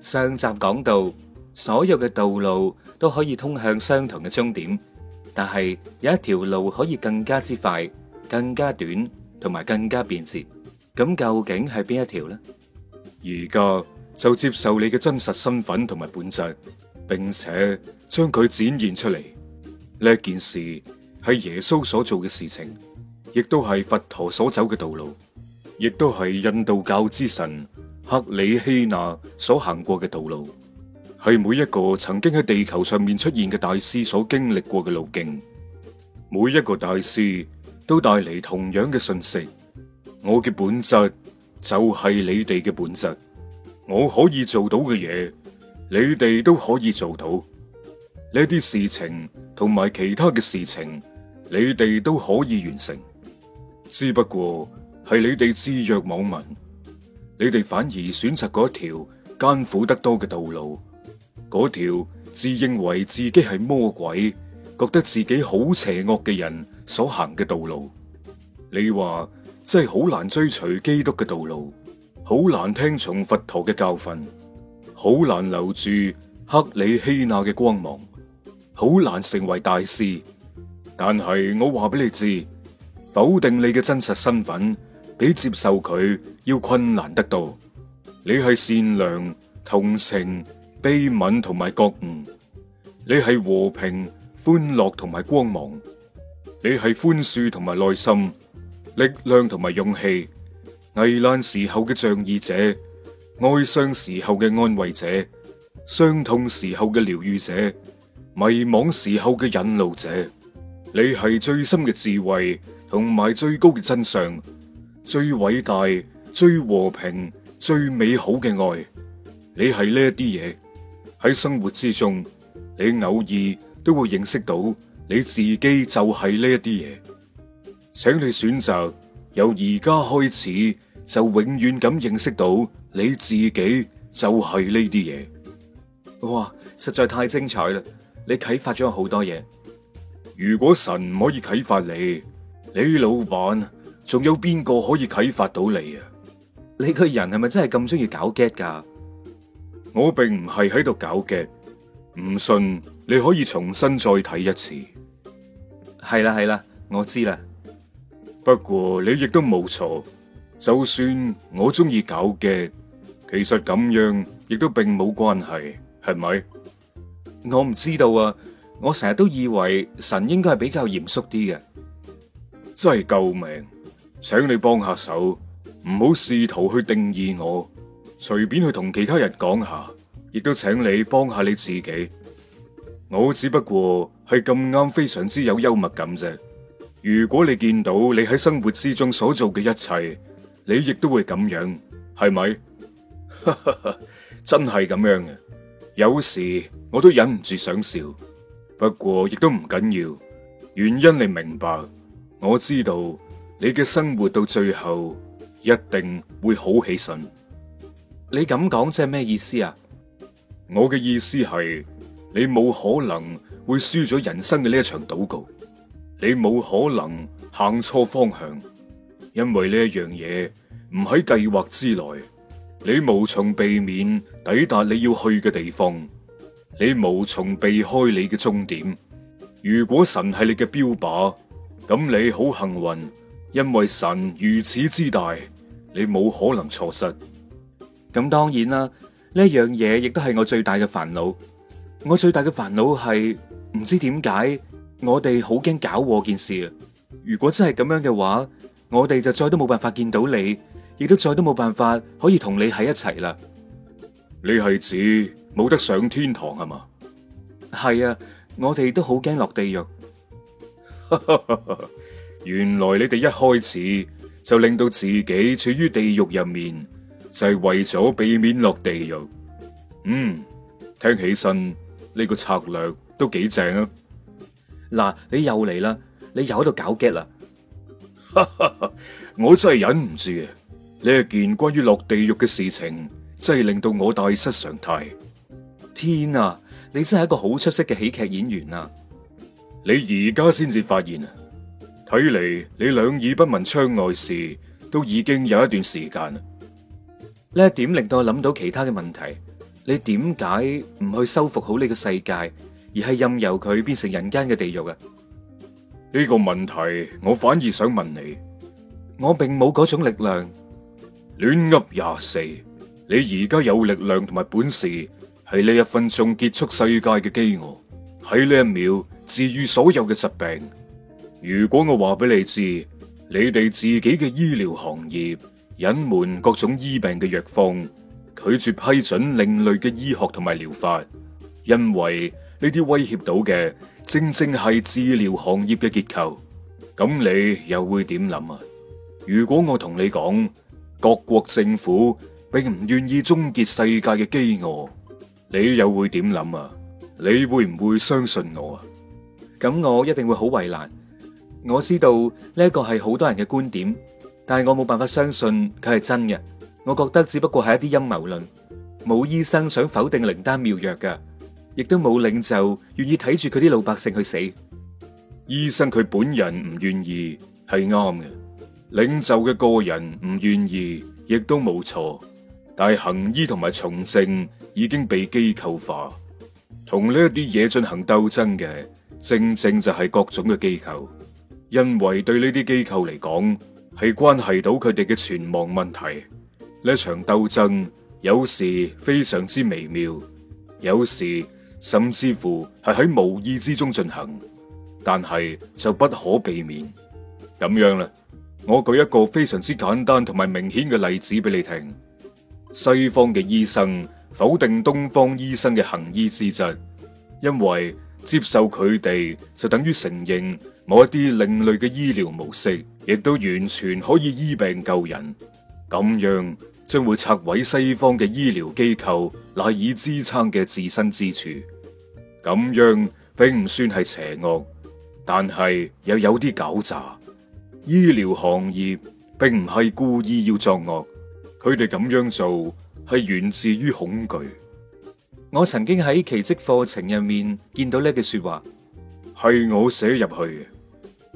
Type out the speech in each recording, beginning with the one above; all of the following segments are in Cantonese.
上集講到，所有嘅道路都可以通向相同嘅終點，但係有一條路可以更加之快、更加短同埋更加便捷。咁究竟係邊一條呢？而家就接受你嘅真實身份同埋本質，並且將佢展現出嚟。呢件事係耶穌所做嘅事情，亦都係佛陀所走嘅道路，亦都係印度教之神。克里希納所行過嘅道路，係每一個曾經喺地球上面出現嘅大師所經歷過嘅路徑。每一個大師都帶嚟同樣嘅信息。我嘅本質就係你哋嘅本質。我可以做到嘅嘢，你哋都可以做到。呢啲事情同埋其他嘅事情，你哋都可以完成。只不過係你哋知若網民。你哋反而選擇嗰一條艱苦得多嘅道路，嗰條自認為自己係魔鬼，覺得自己好邪惡嘅人所行嘅道路。你話真係好難追隨基督嘅道路，好難聽從佛陀嘅教訓，好難留住克里希那嘅光芒，好難成為大師。但係我話俾你知，否定你嘅真實身份。比接受佢要困難得多。你係善良、同情、悲憫同埋覺悟。你係和平、歡樂同埋光芒。你係寬恕同埋內心力量同埋勇氣。危難時候嘅仗義者，哀傷時候嘅安慰者，傷痛時候嘅療癒者，迷惘時候嘅引路者。你係最深嘅智慧同埋最高嘅真相，最偉大、最和平、最美好嘅愛，你係呢一啲嘢。喺生活之中，你偶爾都會認識到你自己就係呢一啲嘢，請你選擇由而家開始就永遠咁認識到你自己就係呢啲嘢。哇，實在太精彩啦！你啟發咗好多嘢。如果神唔可以啟發你，你老闆。仲有邊個可以啟發到你啊？你個人係咪真係咁中意搞 gag 噶？我並唔係喺度搞 gag，唔信你可以重新再睇一次。係啦係啦，我知啦。不過你亦都冇錯，就算我中意搞 gag，其實咁樣亦都並冇關係，係咪？我唔知道啊，我成日都以為神應該係比較嚴肅啲嘅，真係救命！請你幫下手，唔好試圖去定義我，隨便去同其他人講下，亦都請你幫下你自己。我只不過係咁啱，非常之有幽默感啫。如果你見到你喺生活之中所做嘅一切，你亦都會咁樣，係咪？ 真係咁樣嘅，有時我都忍唔住想笑。不過亦都唔緊要，原因你明白，我知道。你嘅生活到最後一定會好起身。你咁講即係咩意思啊？我嘅意思係你冇可能會輸咗人生嘅呢一場賭局，你冇可能行錯方向，因為呢一樣嘢唔喺計劃之內，你無從避免抵達你要去嘅地方，你無從避開你嘅終點。如果神係你嘅標靶，咁你好幸運。因為神如此之大，你冇可能錯失。咁當然啦，呢樣嘢亦都係我最大嘅煩惱。我最大嘅煩惱係唔知點解我哋好驚搞禍件事啊！如果真係咁樣嘅話，我哋就再都冇辦法見到你，亦都再都冇辦法可以同你喺一齊啦。你係指冇得上天堂係嘛？係啊，我哋都好驚落地獄。 原來你哋一開始就令到自己處於地獄入面，就係、是、為咗避免落地獄。嗯，聽起身呢、這個策略都幾正啊！嗱，你又嚟啦，你又喺度搞 gag 啦！ 我真係忍唔住啊！呢一件關於落地獄嘅事情，真係令到我大失常態。天啊，你真係一個好出色嘅喜劇演員啊！你而家先至發現啊！睇嚟，你兩耳不聞窗外事都已經有一段時間啦。呢一點令到我諗到其他嘅問題，你點解唔去修復好呢個世界，而係任由佢變成人間嘅地獄啊？呢個問題我反而想問你，我並冇嗰種力量。亂噏廿四，24，你而家有力量同埋本事，喺呢一分鐘結束世界嘅飢餓，喺呢一秒治癒所有嘅疾病。如果我話俾你知，你哋自己嘅醫療行業隱瞞各種醫病嘅藥方，拒絕批准另類嘅醫學同埋療法，因為呢啲威脅到嘅，正正係治療行業嘅結構，咁你又會點諗啊？如果我同你講，各國政府並唔願意終結世界嘅饑餓，你又會點諗啊？你會唔會相信我啊？咁我一定會好為難。我知道呢一個係好多人嘅觀點，但係我冇辦法相信佢係真嘅。我覺得只不過係一啲陰謀論。冇醫生想否定靈丹妙藥嘅，亦都冇領袖願意睇住佢啲老百姓去死。醫生佢本人唔願意係啱嘅，領袖嘅個人唔願意亦都冇錯。但係行醫同埋從政已經被機構化，同呢一啲嘢進行鬥爭嘅，正正就係各種嘅機構。因為對呢啲機構嚟講係關係到佢哋嘅存亡問題，呢一場鬥爭有時非常之微妙，有時甚至乎係喺無意之中進行，但係就不可避免。咁樣啦，我舉一個非常之簡單同埋明顯嘅例子俾你聽：西方嘅醫生否定東方醫生嘅行醫資質，因為接受佢哋就等於承認。某一啲另類嘅醫療模式，亦都完全可以醫病救人，咁樣將會拆毀西方嘅醫療機構，賴以支撐嘅自身支柱。咁樣並唔算係邪惡，但係又有啲狡詐。醫療行業並唔係故意要作惡，佢哋咁樣做係源自於恐懼。我曾經喺奇跡課程入面見到呢句說話。係我寫入去，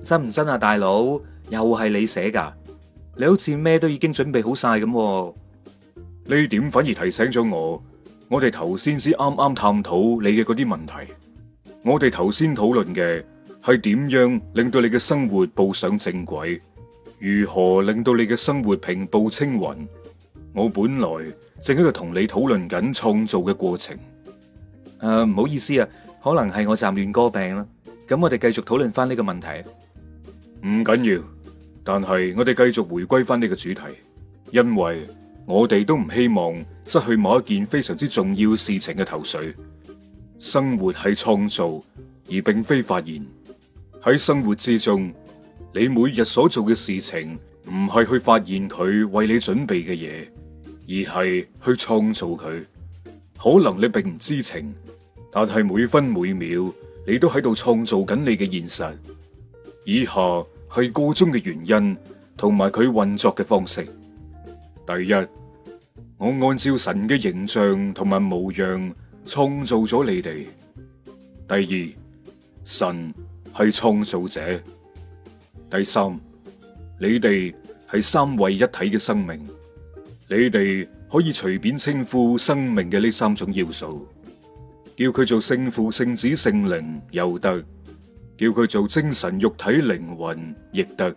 真唔真啊？大佬又係你寫噶你好似咩都已經準備好晒咁，呢點反而提醒咗我，我哋頭先先啱啱探討你嘅嗰啲問題，我哋頭先討論嘅係點樣令到你嘅生活步上正軌，如何令到你嘅生活平步青雲？我本來正喺度同你討論緊創造嘅過程，誒、呃，唔好意思啊，可能係我暫亂歌病啦。咁我哋繼續討論翻呢個問題，唔緊要，但係我哋繼續回歸翻呢個主題，因為我哋都唔希望失去某一件非常之重要事情嘅頭緒。生活係創造，而並非發現。喺生活之中，你每日所做嘅事情，唔係去發現佢為你準備嘅嘢，而係去創造佢。可能你並唔知情，但係每分每秒。你都喺度創造緊你嘅現實。以下係個中嘅原因同埋佢運作嘅方式。第一，我按照神嘅形象同埋模樣創造咗你哋。第二，神係創造者。第三，你哋係三位一體嘅生命。你哋可以隨便稱呼生命嘅呢三種要素。叫佢做聖父、聖子、聖靈，又得；叫佢做精神、肉體、靈魂，亦得；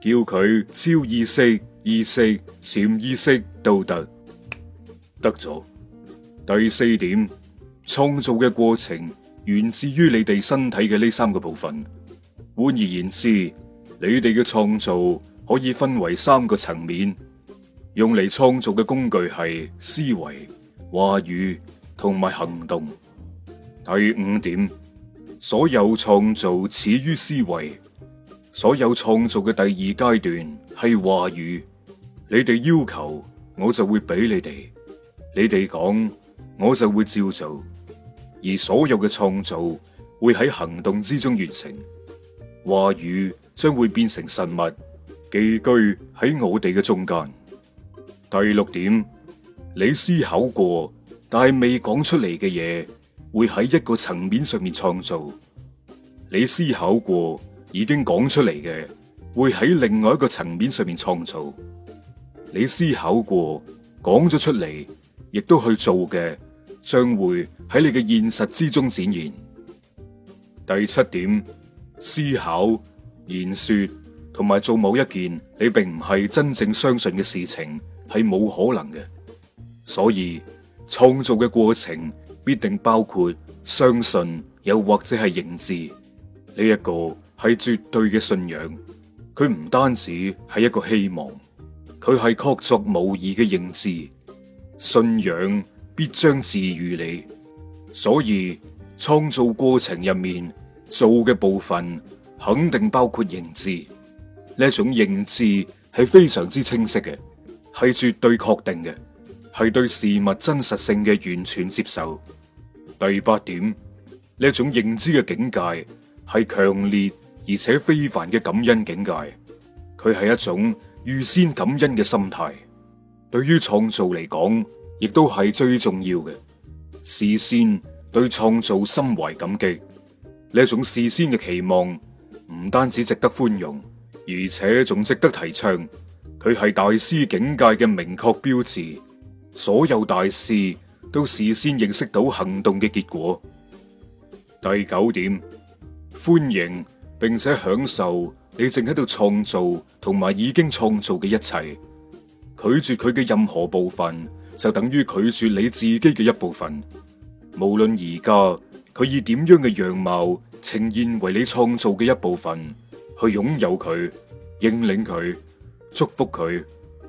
叫佢超意識、意識、潛意識，都得。得咗。第四點，創造嘅過程源自於你哋身體嘅呢三個部分。換而言之，你哋嘅創造可以分為三個層面。用嚟創造嘅工具係思維、話語，同埋行動。第五點，所有創造始於思維，所有創造嘅第二階段係話語。你哋要求，我就會俾你哋；你哋講，我就會照做。而所有嘅創造會喺行動之中完成，話語將會變成實物，寄居喺我哋嘅中間。第六點，你思考過。但係未講出嚟嘅嘢，會喺一個層面上面創造。你思考過已經講出嚟嘅，會喺另外一個層面上面創造。你思考過講咗出嚟，亦都去做嘅，將會喺你嘅現實之中展現。第七點，思考、言說同埋做某一件你並唔係真正相信嘅事情，係冇可能嘅。所以。創造嘅過程必定包括相信，又或者係認知呢一個係絕對嘅信仰。佢唔單止係一個希望，佢係確鑿無疑嘅認知。信仰必將治癒你，所以創造過程入面做嘅部分肯定包括認知，呢一種認知係非常之清晰嘅，係絕對確定嘅。係對事物真實性嘅完全接受。第八點，呢一種認知嘅境界係強烈而且非凡嘅感恩境界。佢係一種預先感恩嘅心態，對於創造嚟講亦都係最重要嘅。事先對創造心懷感激，呢一種事先嘅期望，唔單止值得寬容，而且仲值得提倡。佢係大師境界嘅明確標誌。所有大師都事先認識到行動嘅結果。第九點，歡迎並且享受你正喺度創造同埋已經創造嘅一切。拒絕佢嘅任何部分，就等於拒絕你自己嘅一部分。無論而家佢以點樣嘅樣貌呈現，為你創造嘅一部分，去擁有佢，認領佢，祝福佢，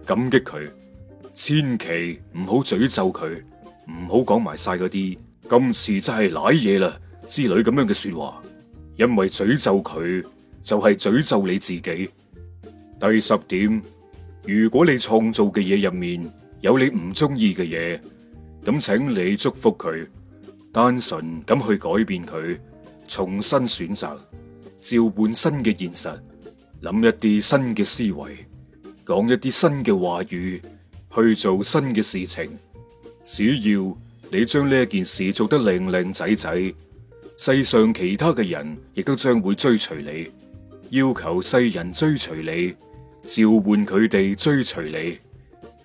感激佢。千祈唔好詛咒佢，唔好講埋晒嗰啲今次真係瀨嘢啦之類咁樣嘅說話，因為詛咒佢就係詛咒你自己。第十點，如果你創造嘅嘢入面有你唔中意嘅嘢，咁請你祝福佢，單純咁去改變佢，重新選擇，召喚新嘅現實，諗一啲新嘅思維，講一啲新嘅話語。去做新嘅事情，只要你將呢件事做得靚靚仔仔，世上其他嘅人亦都將會追隨你，要求世人追隨你，召喚佢哋追隨你。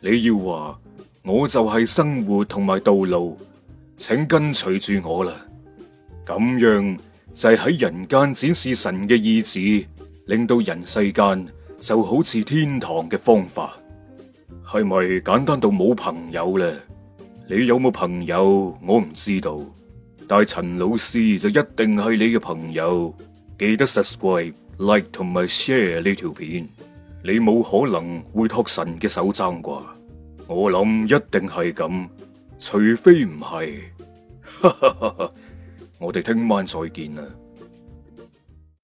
你要話我就係生活同埋道路，請跟隨住我啦。咁樣就係喺人間展示神嘅意志，令到人世間就好似天堂嘅方法。係咪簡單到冇朋友咧？你有冇朋友我唔知道，但係陳老師就一定係你嘅朋友。記得 subscribe、like 同埋 share 呢條片。你冇可能會托神嘅手踭啩？我諗一定係咁，除非唔係。 我哋聽晚再見啦。